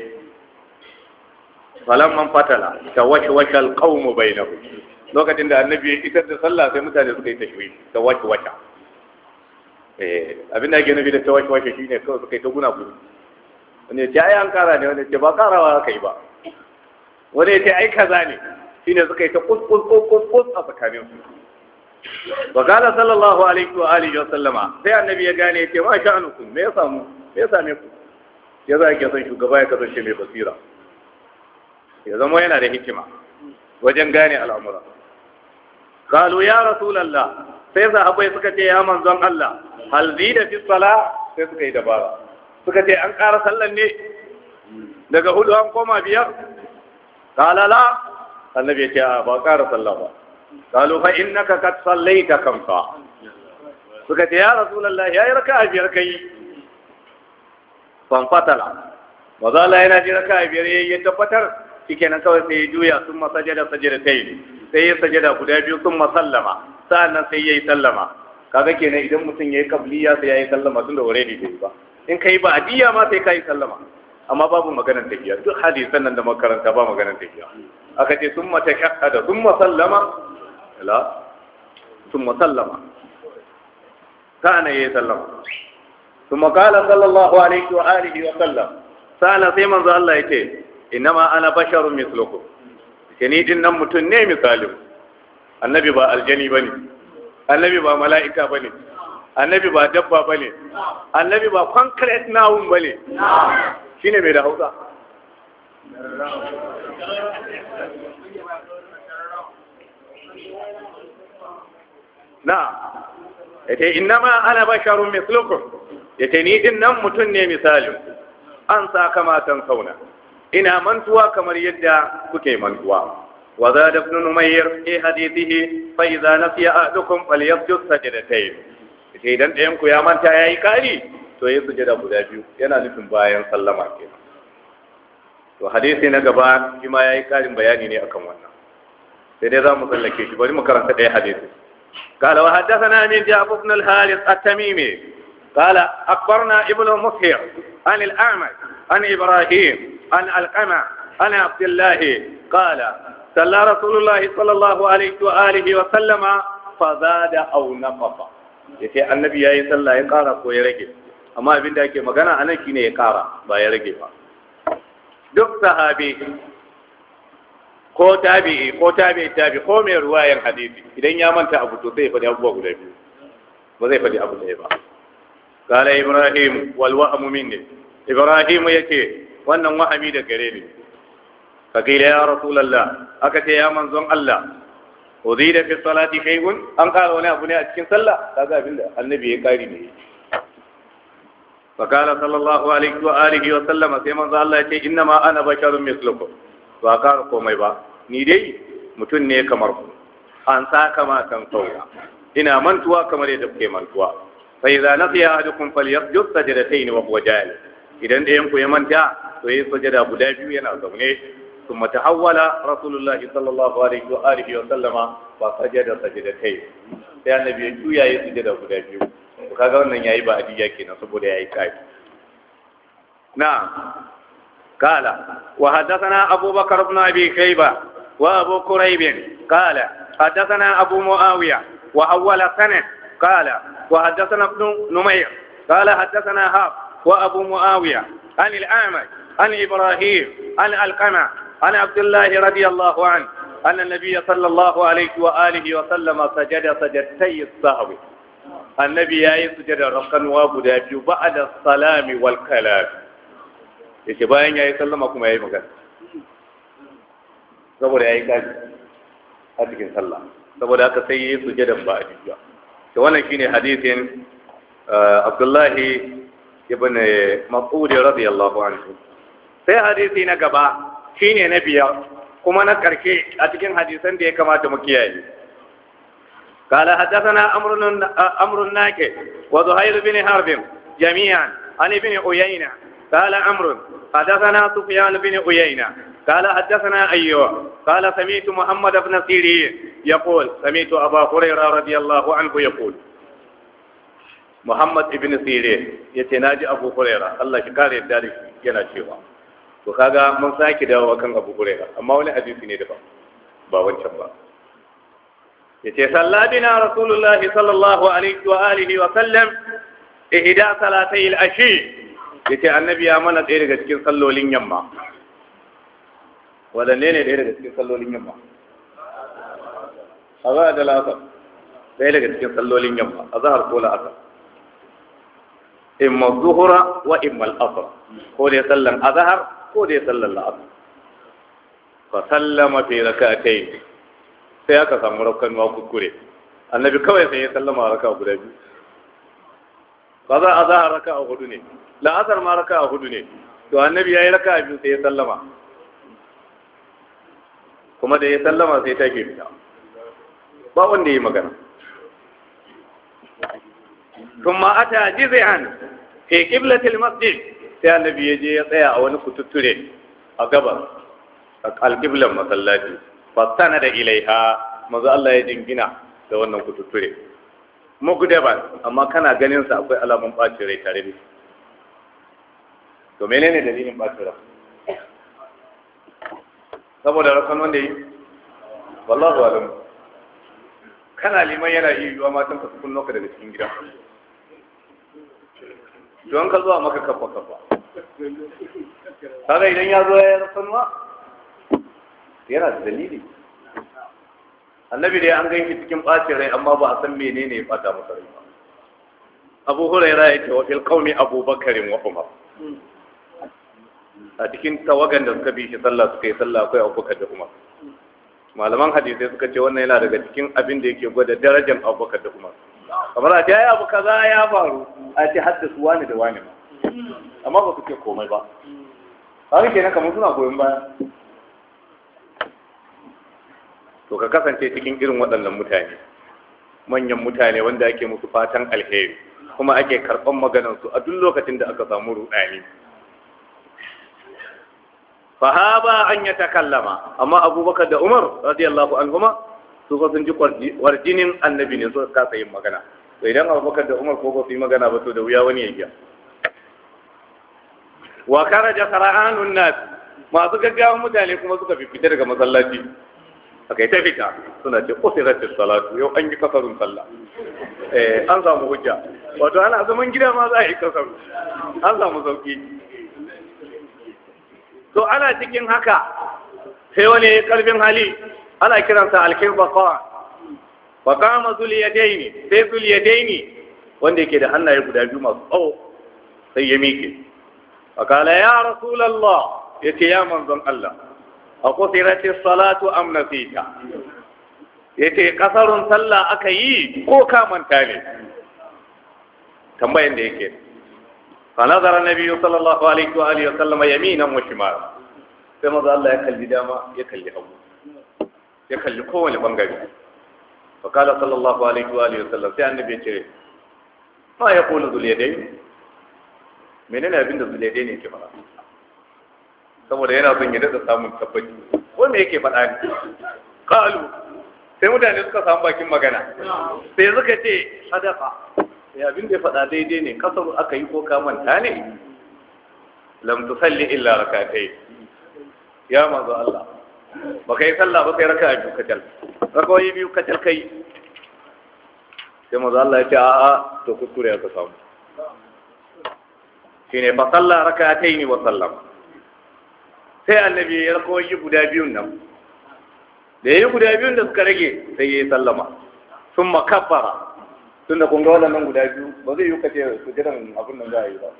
falamman fatala ta tawashwasha alqawmu bainahum lokacin da annabi ya isar da sallah sai mutane suka yi tashwi da wace wace eh abin da nabi nufi da ta wace shine kawai suka yi ta guna guri wani ya ce ai an kara ne wani ya ce ba karawa aka yi ba wani ya ce ai kaza ne shine suka yi ta kus kus kus kus a tsakanin su wa kala sallallahu alaihi wa alihi wa sallama sai annabi ya gane ya ce ma sha'anukum me ya samu me ya same ku ya za ke son shugaba ya kasance mai basira ya zama yana da hikima wajen gane al'amura qalu ya rasulullah sai sahabbai suka ce ya manzon Allah hal zida fi sala sai suka yi dabara suka ce an ƙara sallan ne daga hudu an koma biyar qala la annabi ya ce ba ƙara sallah ba qalu fa innaka qad sallaita kamsa suka ce ya rasulullah yayi raka'a biyar kai fanfatala maza Allah yana ji raka'a biyar yayi ya tabbatar shikenan kawai sai ya juya sun masajada sajada tayi sai ya sajada guda biyu sun masallama sa'annan sai ya yi sallama kaga kenan idan mutum ya yi qabliya sai yi sallama da tunda already bai ba in kai ba adiya ma sai ka yi sallama amma babu maganar tafiya duk hali sannan da makaranta ba maganar tafiya aka ce summa sun summa sallama sun masallama. sallama ya yi sallama summa qala sallallahu alaihi wa alihi wa sallam sana sai manzo Allah ya yake inma ana basharun mislukum shani nan mutum ne misalin annabi ba aljani ba ne, annabi ba mala'ika ba ne, annabi ba dabba ba ne, annabi ba concrete nawun shi ne mai da hausa na yace ma ana basharun ya ce ni din nan mutum ne misalin an sa kamatan sauna ina mantuwa kamar yadda kuke mantuwa wa zada ibn numayr fi hadithihi fa idza nasiya ahadukum falyasjud sajdatayn idan ɗayan ku ya manta yayi kari to yayi sujada guda biyu yana nufin bayan sallama ke. to hadisi na gaba shi ma yayi karin bayani ne akan wannan sai dai zamu tsallake shi bari mu karanta ɗaya hadisi قال وحدثنا من جعفر بن الحارث التميمي قال أخبرنا ابن مسهر عن الأعمش عن إبراهيم عن القمع عن عبد الله قال صلى رسول الله صلى الله عليه وآله وسلم فزاد أو نقص yace annabi yayi sallah ya kara ko ya rage amma abinda yake magana anan shine ya kara ba ya rage ba duk sahabi ko ko tabi tabi ko mai ruwayar hadisi idan ya manta abu to sai ya abubuwa guda biyu ba zai faɗi abu ɗaya ba قال إبراهيم والوهم مني إبراهيم يكي wannan wahami da gare ne fakila ya rasulallah aka ce ya manzon Allah uzida fi salati shay'un an kara wani abu ne a cikin sallah kaga abin da annabi ya kari ne fakala sallallahu alaihi wa alihi wa sallama sai manzon Allah ya ce inna ma ana basharun mislukum ba kara komai ba ni dai mutum ne kamar ku an saka ma kan sauya ina mantuwa kamar yadda kuke mantuwa fa idza nasiya ahadukum falyasjud sajdatayn wa huwa jahil idan ɗayan ku ya manta to yayi sujada guda biyu yana zaune sun ثم تحول رسول الله صلى الله عليه وآله وسلم فسجد سجدتين sai annabi ya juya ya sujada guda biyu to kaga wannan yayi ba adiya kenan saboda yayi kai na kala wa hadathana abubakar ibn abi khayba wa abu quraib kala hadathana abu muawiya wa awwal sanad kala wa hadathana ibn numayr kala hadathana hab wa abu muawiya an al-a'mash عن إبراهيم عن القمع عن عبد الله رضي الله عنه أن النبي صلى الله عليه وآله وسلم سجد سجدتي السهو النبي يا سجد رقا وابدا بعد السلام والكلام yace bayan yayi sallama kuma yayi magana saboda yayi kaji a cikin sallah saboda haka sai yayi sujudan da adiya to wannan shine hadisin Abdullahi ibn Mas'ud radiyallahu anhu sai hadisi na gaba shine na biyar kuma na karshe a cikin hadisan da ya kamata mu kiyaye قال حدثنا أمر أمر الناكي وزهير بن حرب جميعا عن ابن عيينة قال أمر حدثنا سفيان بن عيينة قال حدثنا أيوب قال سمعت محمد بن سيرين يقول سمعت أبا هريرة رضي الله عنه يقول محمد بن سيرين يتناجي أبو هريرة الله شكاري ذلك ينشيوه to kaga mun sake dawowa kan abu huraira amma wani hadisi ne daban ba wancan ba yace salla bina rasulullah sallallahu alaihi wa alihi wa sallam ihda salatay al-ashi yace annabi ya mana ɗaya daga cikin sallolin yamma wadanne ne ɗaya daga cikin sallolin yamma azhar da la'asar ɗaya daga cikin sallolin yamma azhar ko la'asar imma zuhura wa imma al-asr ko dai sallan azhar ko da ya sallalla asu fa sallama fi rak'atayn sai aka samu rakkan wa kuskure annabi kawai sai ya sallama raka guda biyu ba za a za a raka a hudu ne la'asar ma raka a hudu ne to annabi ya yi raka a biyu sai ya sallama kuma da ya sallama sai ta ke fita ba wanda ya yi magana ثم أتى جزعا fi قبلة masjid sai annabi ya je ya tsaya a wani kututture a a alƙiblan masallaci ba fastana da ilaiha maza Allah ya jingina da wannan kututture mugdaban amma kana ganin sa akwai alamun bacin rai tare da shi to menene dalilin bacin rai saboda rakan wanda yi wallahu alam kana liman yana yi yiwuwa matan ka su kunno ka daga cikin gida don ka zuwa maka kafa kafa ¿Sabe? idan ya zo ya sanuwa yana da dalili annabi dai an ganki cikin ɓacin rai amma ba a san menene ya ɓata masa rai ba abu Hurairah ya ce wa fil qaumi abubakarin wa umar a cikin tawagan da suka bi shi sallah suka yi sallah akwai abubakar da umar malaman hadisi suka ce wannan yana daga cikin abin da yake gwada darajar abubakar da umar kamar a ce ai abu kaza ya faru a ce haddasa wani da wani ma amma ba su ce komai ba ke kenan kamar suna goyon baya to ka kasance cikin irin waɗannan mutane manyan mutane wanda ake musu fatan alheri kuma ake karɓar maganansu a duk lokacin da aka samu ruɗani fahaba an ya takallama amma abubakar da umar radiyallahu anhuma su fa sun ji warjinin annabi ne suka kasa yin magana to idan abubakar da umar ko ba su yi magana ba to da wuya wani ya biya wa kharaja sara'anun nas masu gaggawan mutane kuma suka fita daga masallaci akai ta fita suna ce usiratis salatu yau an yi kasarun sallah eh an samu hujja wato ana zaman gida ma za a yi kasaru an samu sauki to ana cikin haka sai wani karfin hali ana kiransa alkirba kawa wa kama zuliyadaini sai zuliyadaini wanda yake da hannaye guda biyu masu tsawo sai ya miƙe فقال يا رسول الله يتي يا منظم الله أقصرت الصلاة أم نسيتها يتي قصر صلى أكيي كوكا من تالي تنبين ديكي فنظر النبي صلى الله عليه وآله وسلم يمينا وشمالا كما قال الله يكل داما يكل أبو يكل قوة لبنغبي فقال صلى الله عليه وآله وسلم سيان النبي ما يقول ذو اليدين menene abin da zulede ne ke faɗa saboda yana son ya daɗa samun tabbaci ko me yake faɗa ne qalu sai mutane suka samu bakin magana sai suka ce sadaqa ya eh, abin da ya faɗa daidai ne kasar aka yi ko ka manta ne lam tusalli illa rak'atayn ya manzo Allah baka yi sallah ba kai raka'a biyu kacal rakawoyi biyu kacal kai sai manzo Allah ya ce a'a to kuskure ka samu shine fa salla rak'atayn wa sallam sai annabi ya rako yi guda biyun nan da yi guda biyun da suka rage sai yi sallama sun makabara tunda kun ga wannan guda biyu ba zai yi kace jiran abin nan za a yi ba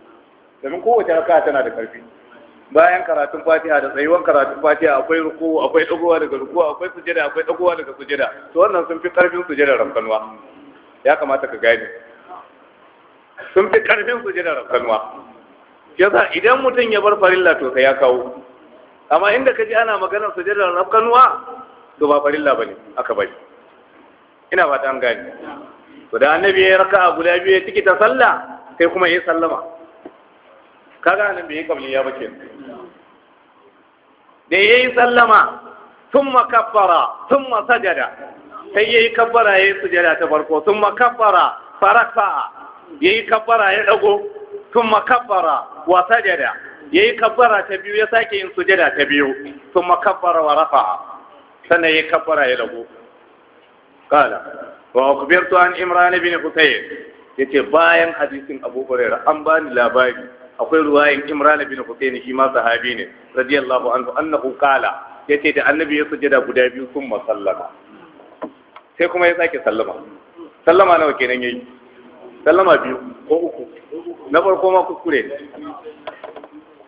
domin kowace raka'a tana da karfi bayan karatun fatiha da tsayuwan karatun fatiha akwai ruku akwai dagowa daga ruku akwai sujada akwai dagowa daga sujada to wannan sun fi karfin sujada rankanwa ya kamata ka gane sun fi karfin sujada rankanwa yasa idan mutum ya bar farilla to sai ya kawo amma inda ka ji ana maganar sujadar rafkanuwa to ba farilla ba ne aka bari ina ta an gani to da annabi ya raka a guda biyu ya ciki ta sallah kai kuma ya sallama kaga nan bai yi kabli ya bace da ya yi sallama thumma kaffara thumma sajada sai ya yi kabbara ya yi jada ta farko thumma kaffara fa'a ya yi kabbara ya dago Tun ثم كبر ya yi kabbara ta biyu ya sake yin sujada ta biyu Tun kabbara wa rafa'a sannan yayi kabbara ya rago kala wa akhbirtu an imran ibn husayn yace bayan hadisin abu hurairah an bani labari akwai ruwayin imran ibn husayn shi ma sahabi ne radiyallahu anhu annahu kala yace da annabi ya sujada guda biyu sun sallama sai kuma ya sake sallama sallama nawa kenan yayi sallama biyu ko uku na farko ma kuskure ne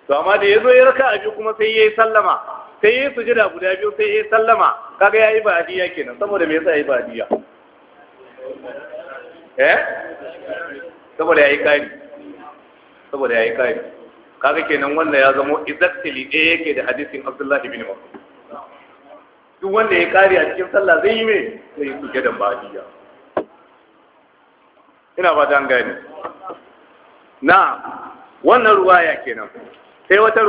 to amma da yazo ya raka abu kuma sai yayi sallama sai yayi sujada guda biyu sai yayi sallama kaga yayi ba'diya kenan saboda me yasa yayi ba'diya eh saboda yayi kai saboda yayi kai kaga kenan wannan ya zama exactly ɗaya yake da hadisin Abdullah ibn Mas'ud duk wanda ya kare a cikin sallah zai yi me zai yi sujadan ba'diya ina ba dan gani. نعم wannan ruwaya kenan sai wata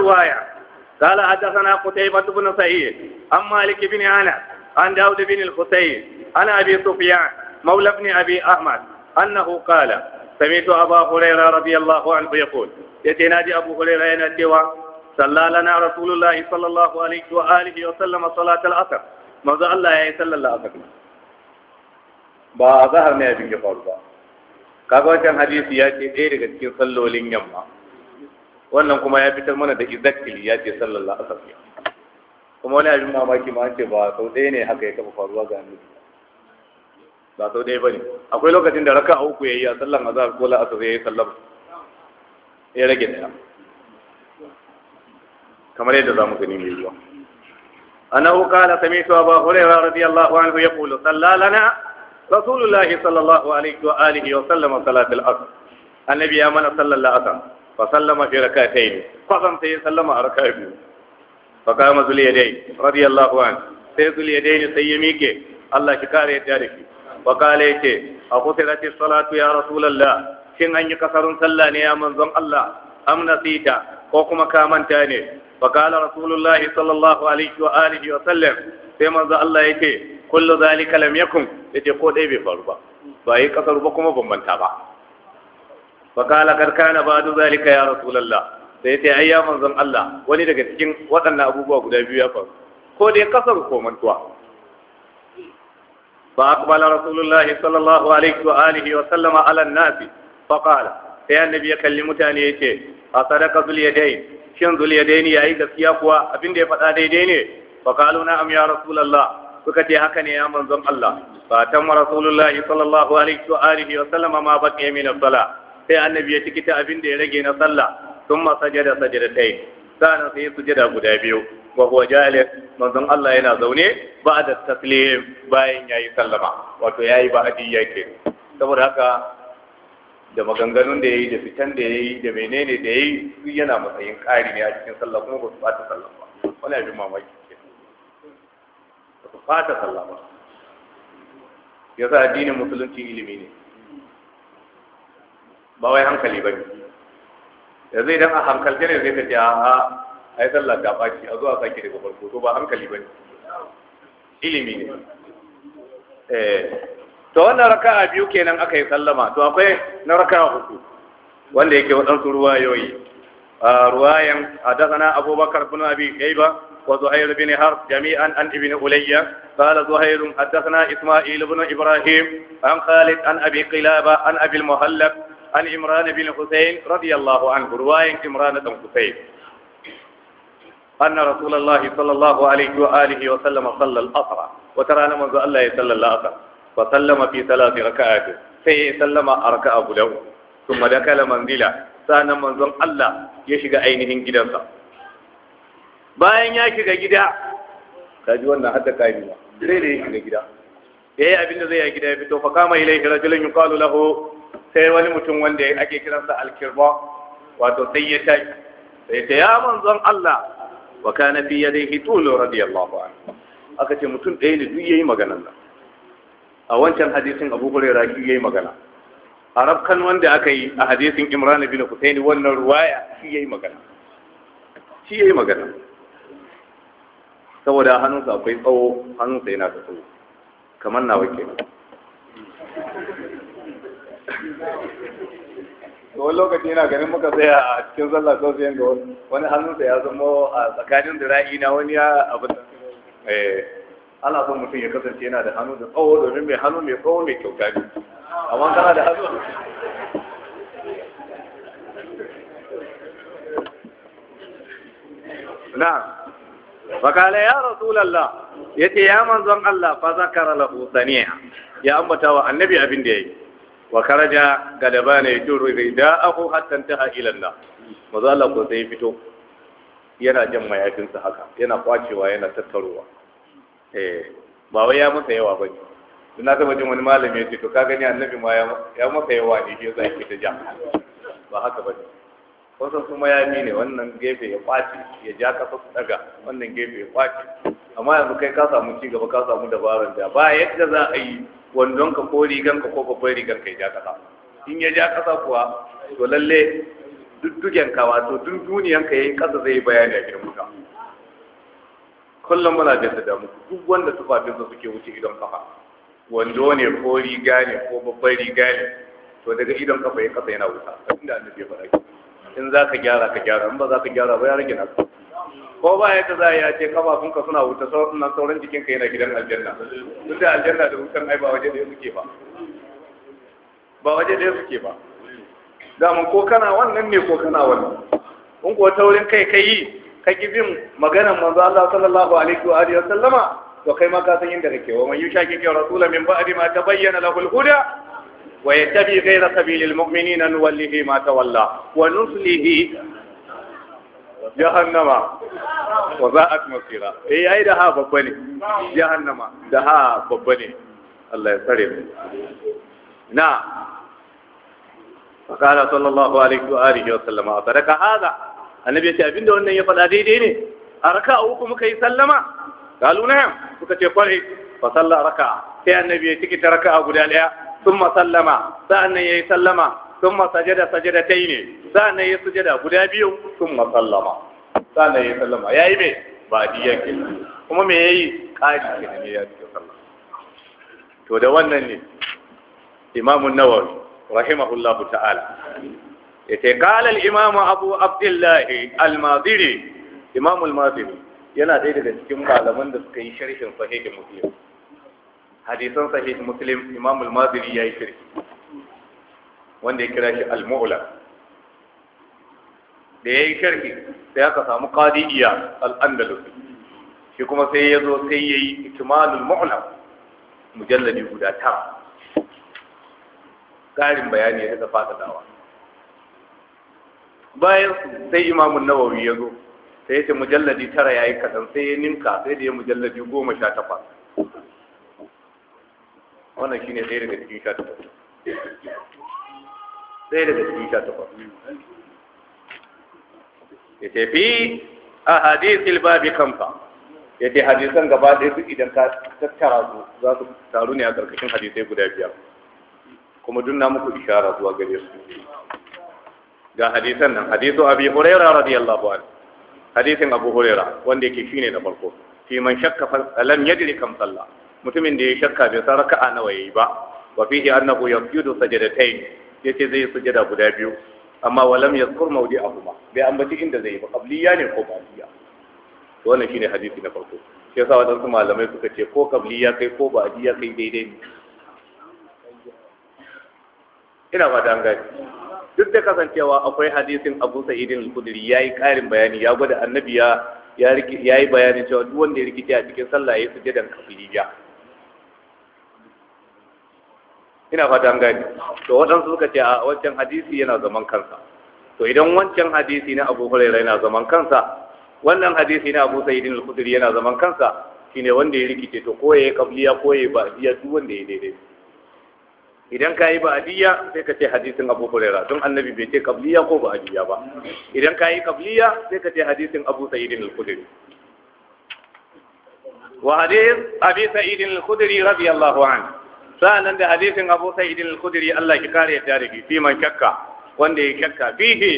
قال حدثنا قتيبة بن سعيد عن مالك بن أنس عن داود بن الحسين عن أبي سفيان مولى بن أبي أحمد أنه قال سمعت أبا هريرة رضي الله عنه يقول يتنادي أبو هريرة ينادي صلى لنا رسول الله صلى الله عليه وآله وسلم صلاة العصر ماذا الله يا صلى الله عليه وسلم با ظهر ما يبين kaga wancan hadisi ya ce ɗaya daga cikin sallolin yamma wannan kuma ya fitar mana da izakili ya ce sallallahu alaihi wasallam kuma wani abin mamaki ma ce ba sau ɗaya ne haka ya kafa faruwa ga annabi ba sau ɗaya ba ne akwai lokacin da raka uku ya yi a sallan azhar a la'asar ya yi sallar ya rage ɗaya kamar yadda za mu gani mai zuwa أنه قال سمعت أبا هريرة رضي الله عنه يقول صلى لنا rasulullahi sallallahu alaihi wa alihi wa sallama salatul asr annabi ya mana sallar la'asar fa sallama fi rak'atayn kwasan sai ya sallama a raka'a biyu fa kama zul yadayn radiyallahu anhu sai zul yadayn sai ya mike Allah ki kare yadda da ki wa kale yace a kusurati salatu ya rasulullah shin an yi kasarun sallah ne ya manzon Allah am nasita ko kuma ka manta ne fa rasulullahi sallallahu alaihi wa wa sallam sai manzo Allah yake kullu zalika lam yakun yace ko dai bai faru ba ba yi kasar ba kuma bambanta ba fa kala kad kana ba'du zalika ya rasulullah sai yace ai ya manzon Allah wani daga cikin waɗannan abubuwa guda biyu ya faru ko dai kasar ko mantuwa fa aqbala rasulullahi sallallahu alaihi wa alihi wa sallama ala an-nasi fa qala sai annabi ya kalli mutane yace a sadaka zul yadayn shin zul yadayn yayi gaskiya kuwa abin da ya faɗa daidai ne fa qalu na am ya rasulullah suka ce haka ne ya manzon Allah fa tamma rasulullahi sallallahu alaihi wa alihi wa sallama ma baqiya min as sai annabi ya tikita abin da ya rage na sallah ma sajada sajadatai sa'an sai ya sujada guda biyu wa huwa jalis manzon Allah yana zaune da taslim bayan yayi sallama wato yayi ba'adi yake saboda haka da maganganun da ya da fitan da yayi da menene da yayi yi yana matsayin ƙari ne a cikin sallah kuma ba su ta sallah ba wani abin mamaki ba fata sallah ba ya sa addinin musulunci ilimi ne ba wai hankali ba ne zai don a hankalce ne zai tafi a a yi sallah ta ɓaci a zuwa sake daga farko to ba hankali ba ne ilimi ne eh. to wannan raka'a biyu kenan aka yi sallama to akwai na raka'a uku wanda yake waɗansu ruwayoyi ah, ruwayan a dasana abubakar bin abi ba. وزهير بن هرب جميعا عن ابن ألي قال زهير حدثنا إسماعيل بن إبراهيم عن خالد عن أبي قلابة عن أبي المهلب عن عمران بن حسين رضي الله عنه رواية عمران بن حسين أن رسول الله صلى الله عليه وآله وسلم صلى الأطرى وترى منذ الله يصلى الأطرى وسلم في ثلاث ركعات sai ya sallama a raka abu da kuma da kala manzila sanan manzon Allah ya shiga ainihin gidansa bayan ya shiga gida kaji wannan hadda kayi sai da ya shiga gida yayi abin da zai yi gida ya fito fa kama ilaihi rajulun yuqalu lahu sai wani mutum wanda ake kiransa al wato sai ya tashi sai ta ya manzon Allah wa kana fi yadayhi tulu radiyallahu anhu aka ce mutum ɗaya ne duk yi maganan nan a wancan hadisin Abu Hurairah shi yi magana arabkan wanda aka yi a hadisin Imran bin Husayn wannan ruwaya shi yayi magana shi yayi magana saboda hannunsa akwai tsawo hannunsa yana da tsawo kamar na ke da wani lokaci yana ganin muka tsaya a cikin zalla sau sai ga wani hannunsa ya zama a tsakanin dira'i na wani ya abu da eh, ana son mutum ya kasance yana da hannu da tsawo domin mai hannu mai tsawo mai kyauta ne amma kana da hannu na'am fakala ya rasulallah ya ce ya manzon Allah fa zakara lahu sani'a ya ambata wa annabi abin da yayi wa karaja gadabana yajuru ridaahu hatta intaha ila Allah manzo Allah ko sai fito yana jan mayafinsa haka yana kwacewa yana tattaruwa. eh ba wai ya masa yawa bane na taba jin wani malami ya ce to ka gani annabi ma ya masa yawa ne shi yasa yake ta ja ba haka ba ne. wasu kuma ya ne wannan gefe ya kwace ya ja kasa su daga wannan gefe ya kwace amma yanzu kai ka samu ci gaba ka samu dabarar da ba yadda za a yi wandon ka ko rigan ka ko babban rigar ka ya ja kasa in ya ja kasa kuwa to lalle duddugen ka wato duk duniyan ka yayin kasa zai bayani a gidan muka kullum muna da da muku duk wanda tufafinsa suke wuce idon kafa wando ne ko riga ne ko babban riga ne to daga idon kafa ya kasa yana wuta inda annabi ya faɗa in za ka gyara ka gyara in ba za ka gyara ba ya rage naka ko ba ta za ya ce kafafunka suna wuta sauran sauran jikinka yana gidan aljanna duk da aljanna da wutan ai ba waje da suke ba ba waje da suke ba mun ko kana wannan ne ko kana wannan in ko taurin kai ka yi ka ki bin maganar manzo Allah sallallahu alaihi wa alihi wa sallama to kai ma ka san inda kake wa man yushaki ka rasulullahi min ba'di ma tabayyana lahu al-huda ويتبع غير سبيل المؤمنين نوله ما تولى ونصله jahannama wa za'at masira eh yayi da ha babba ne jahannama da ha babba ne Allah ya tsare mu na fakala sallallahu alaihi wa alihi wa sallama abinda wannan ya faɗa daidai ne a uku muka yi sallama galu na suka ce kwarai fa sallar raka'a sai annabi ya ciki ta raka guda daya thumma sallama sa'annan yayi sallama thumma sajada sajadatayn sa'annan yayi sujada guda biyu thumma sallama sa'annan yayi sallama me ba kuma me yayi qari kenan ya yi sallama to da wannan ne imamun nawawi rahimahullahu ta'ala yace qala al-imam abu abdullah al-maziri imam al-maziri yana ɗaya daga cikin malaman da suka yi sharhin sahihin muslim hadisan sahih muslim imam al-maziri yayi shirki wanda ya kira shi al-mu'la da yayi shirki sai aka samu qadiya al andalus shi kuma sai ya zo sai yayi ikmalul mu'la mujalladi guda ta karin bayani ya daga fata dawa bayan sai an nawawi ya zo sai ya ce mujalladi tara yayi kadan sai ya ninka sai da ya mujalladi goma sha takwas wannan shine ɗaya daga cikin sha takwas ɗaya daga cikin sha takwas ya ce fi a hadisil babi kamfa ya ce hadisan gaba ɗaya duk idan ka tattara su za su taru ne a ƙarƙashin hadisai guda biyar kuma dun na muku ishara zuwa gare su ga hadisan nan hadisu abi hurera radiyallahu anhu hadisin abu hurera wanda yake shine da farko fi man shakka lam yadri kam sallah mutumin da ya shakka bai san raka'a nawa yayi ba wa fihi annahu yaqudu sajdatayn yace zai sujada guda biyu amma walam yazkur mawdi'ahuma bai ambaci inda zai ba qabliya ne ko ba'diya to wannan shine hadisi na farko shi yasa wadansu malamai suka ce ko qabliya kai ko ba'diya kai daidai ne ina fata an gani duk da kasancewa akwai hadisin Abu sa'idin al-Khudri yayi karin bayani ya gwada annabi ya yayi bayanin cewa duk wanda ya rikice a cikin sallah yayi sujadan kafiliya ina fata an gani to waɗansu suka ce a wancan hadisi yana zaman kansa to idan wancan hadisi na Abu Hurairah yana zaman kansa wannan hadisi na Abu Sa'id al-Khudri yana zaman kansa shine wanda ya rikice to ko yayi qabliya ko yayi ba'diya duk wanda ya daidai idan ka yi ba'adiyya sai ka ce hadisin abu huraira don annabi bai ce kabliya ko ba'adiyya ba idan ka yi kabliya sai ka ce hadisin abu sa'idin al-khudri wa hadith abi sa'idin al-khudri radiyallahu anhu sa'annan da hadisin Abu Sa'id al-Khudri Allah ki kare yadda da fi man kyakka wanda ya shakka fihi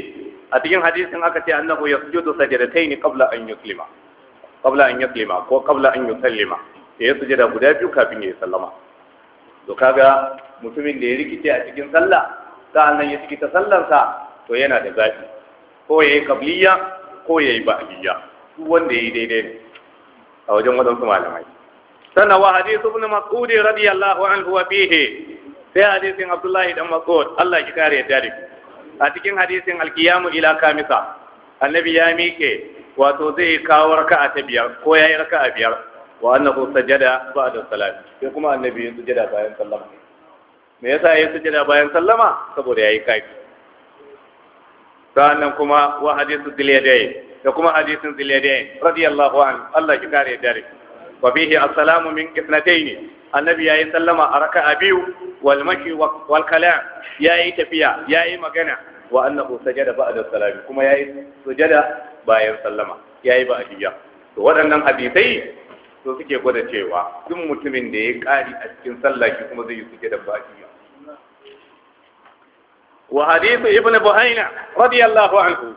a cikin hadisin aka ce annahu yasjudu sajdatayn qabla an yuslima qabla an yuslima ko qabla an yusallima ya sujada guda biyu kafin ya sallama to kaga mutumin da ya rikice a cikin sallah sa'annan ya ciki ta sallarsa to yana da zafi ko ya yi kabliya ko ya yi ba'diya duk wanda ya yi daidai ne a wajen wadansu malamai Sannan wa hadith ibn mas'ud radiyallahu anhu wa fihi sai hadisin abdullahi dan mas'ud Allah ki kare ya da a cikin hadisin alkiyamu ila kamisa annabi ya miƙe wato zai kawo a ta biyar ko yayi a biyar wa annahu sajada ba'da salat sai kuma annabi ya sujada bayan sallama me yasa ya sujada bayan sallama saboda yayi kai sannan kuma wa hadithu dilyadain da kuma hadisin dilyadain radiyallahu anhu Allah ki kare ya da wa bihi assalamu min ithnatayn annabi yayi sallama a raka'a biyu wal mashi wal kalam yayi tafiya yayi magana wa annahu sajada ba'da salami kuma yayi sujada bayan sallama yayi ba ahiya to waɗannan hadisai suke gwada cewa duk mutumin da ya kari a cikin sallah shi kuma zai yi sujada ba ahiya wa hadithu ibn buhaina radiyallahu anhu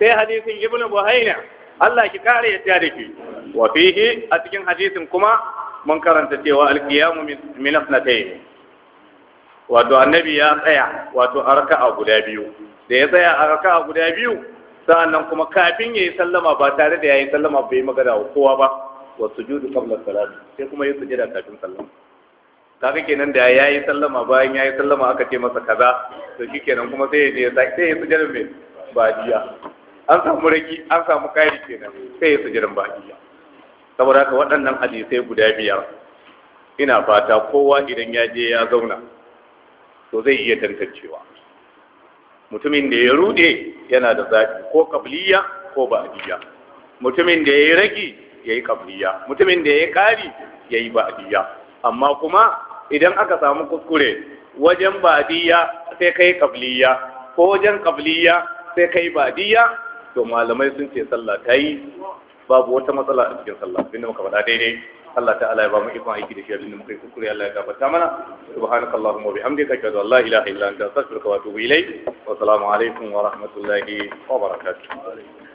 sai hadithin ibn buhaina Allah ki kare yadda da ke wa fihi a cikin hadisin kuma mun karanta cewa alkiyamu min asnatayn wato annabi ya tsaya wato a raka'a guda biyu da ya tsaya a raka'a guda biyu sa'annan kuma kafin yayi sallama ba tare da yayi sallama bai magana wa kowa ba wa sujudu qabla salati sai kuma yayi sujuda kafin sallama kaga kenan da yayi sallama bayan yayi sallama aka ce masa kaza to shikenan kuma sai ya je sai ya sujuda mai jiya. an samu raki an samu kari kenan sai ya sujudan bahiya saboda haka waɗannan hadisai guda biyar ina fata kowa idan ya je ya zauna to zai iya tantancewa mutumin da ya rude yana da zafi ko kabliya ko ba'diya mutumin da ya yi ragi ya yi kabliya mutumin da ya yi kari ya yi ba'diya amma kuma idan aka samu kuskure wajen ba'diya sai kai kabliya ko wajen kabliya sai kai ba'diya to malamai sun ce sallah ta yi babu wata matsala a cikin sallah abinda muka faɗa daidai Allah ta'ala ya ba mu ikon aiki da shi abinda muka yi kuskure Allah ya gafarta mana subhanakallahu wa bihamdika ashhadu an la ilaha illa anta astaghfiruka wa atubu ilayk wa assalamu alaikum wa rahmatullahi wa barakatuh